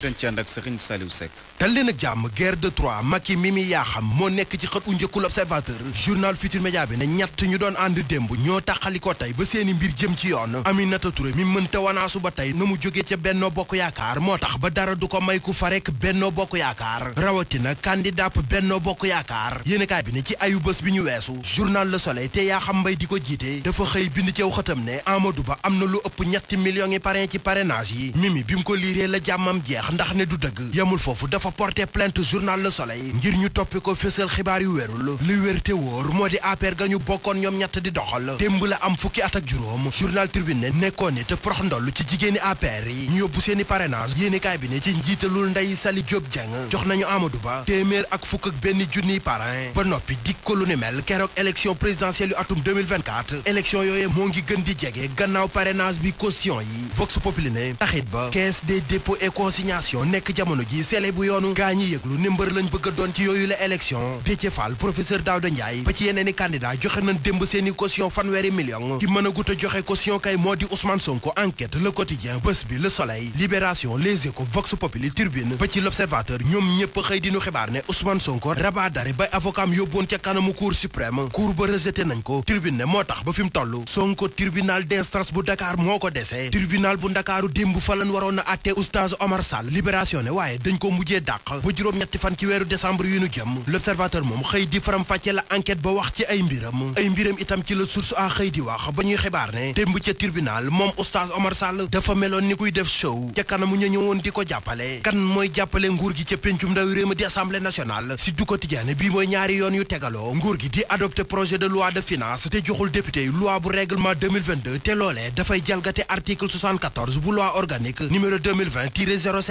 dañ ci ànd ak Serigne Saliou Seck dal leen ak jàmm guerre de Troie Macky Mimi Yakham moo nekk ci xët u njëkkul observateur journal Futur Média bi ne ñett ñu doon ànd démb ñoo taxali ko tey ba seeni mbir jëm ci yoon Aminata Touré mi mënta wanaasu ba tey na mu jógee ca Benno Bokk Yaakaar moo tax ba dara du ko may ku fa rek Benno Bokk Yaakaar rawatina candidat Benno Bokk Yaakaar yéenekaay bi ne ci ayu bés bi ñu weesu journal la Soleil te yaa xam Mbaye di ko jiite dafa xëy bind cew xëtam ne Amadou am na lu ëpp ñetti millions yi parrain ci parrainage yi bi mu ko liiree la jàmmam jeex wax ndax ne du dëgg yemul foofu dafa porté plainte journal Le Soleil ngir ñu toppi ko fésal xibaar yu wérul li wér te wóor moo di APR ga ñu bokkoon ñoom ñett di doxal démb la am fukki at ak juróom journal Tribune nekkoon ni te prox ndoll ci jigéeni APR yi ñu yóbbu seeni parrainage yéeni kaay bi ne ci njiitalul Ndeye Sali Diop Dieng jox nañu Amadou Ba téeméer ak fukk ak benn junniy parrain ba noppi dik ko lu ni mel keroog élection présidentielle yu atum 2024 élection yooyu moo ngi gën di jege bi caution yi Vox Populi nomination nekk jamono ji sele bu yoonu gaa yëglu ne mbër lañ bëgg a doon ci yooyu la élection Déthié professeur Daouda Ndiaye ba ci yeneen i joxe nañ démb seeni caution fanweeri million ki mën a gut a joxe caution kay moo di Ousmane Sonko enquête le quotidien bés bi le soleil libération les échos vox populi turbine ba ci l'observateur ñoom ñëpp xëy dinu xibaar ne Ousmane Sonko rabat d'arrêt bay avocat yóbboon ca kanamu cour suprême cour ba rejeté nañ ko turbine a libération ne waaye dañ ko mujjee dàq ba juróom-ñetti fan ci weeru décembre yu nu jëm l'observateur moom xëy di faram fàcce la enquête ba wax ci ay mbiram ay mbiram itam ci la source a xëy di wax ba ñuy xibaar ne démb ca tribunal moom oustaz Omar Sall dafa meloon ni kuy def show ca kanamu ñu ñëwoon di ko jàppale kan mooy jàppale nguur gi ca péncum ndawi réew mi di assemblée nationale si du quotidien bii mooy ñaari yoon yu tegaloo nguur gi di adopté projet de loi de finance te joxul député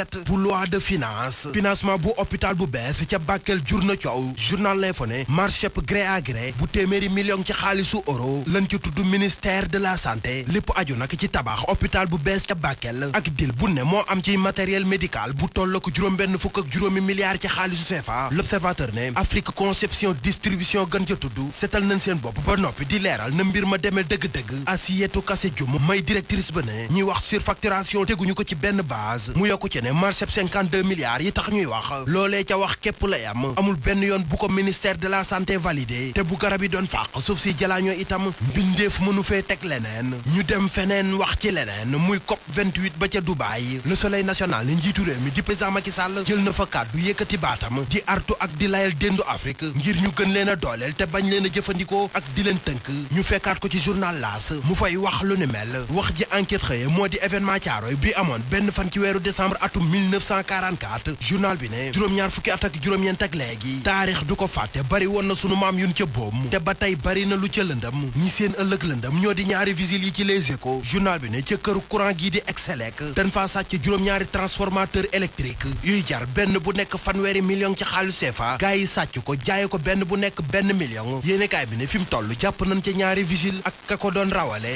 recette bu loi de finance financement bu hôpital bu bees ca Bakel jur na coow journal L'Info ne marché gré à gré bu téeméeri million ci xaalisu euro lan ci tudd ministère de la santé lépp aju nag ci tabax hôpital bu bees ca Bakel ak dil bu ne moo am ci matériel médical bu toll ko juróom-benn fukk ak juróomi milliards ci xaalisu CFA L'Observateur ne Afrique conception distribution gën ca tudd seetal nañ seen bopp ba noppi di leeral na mbir ma demee dëgg-dëgg Asietu Kase Jum may directrice ba ne ñuy wax surfacturation teguñu ko ci benn base mu yokku ci ne marché 52 milliards yi tax ñuy wax loolee ca wax képp lay am amul benn yoon bu ko ministère de la santé validé te bu garab yi doon fàq suuf si jalaañoo itam mbindeef mënu fee teg leneen ñu dem feneen wax ci leneen muy COP 28 ba ca Dubaï le soleil national ni njiitu réew mi di président Macky Sall jël na fa kàddu yëkkati baatam di artu ak di layal déndu Afrique ngir ñu gën leen a dooleel te bañ leen a jëfandikoo ak di leen tënk ñu fekkaat ko ci journal L'As mu fay wax lu ni wax ji enquête moo di événement Thiaroye bi amoon benn fan ci weeru décembre atum 1944 journal bi ne juróom-ñaar fukki at ak juróom-ñeent ak léegi taarix du ko fàtte bari woon na sunu maam yun ca boom te ba tey bari na lu ca lëndam ñi seen ëllëg lëndam ñoo di ñaari vigiles yi ci Les Échos journal bi ne ca këru courant gii di Excelec dañ faa sàcc juróom-ñaari transformateur électrique yuy jar benn bu nekk fanweeri million ci xaalis CFA gars yi sàcc ko jaaye ko benn bu nekk benn million yéenekaay bi ne fi mu toll jàpp nañ ca ñaari vigile ak a ko doon rawale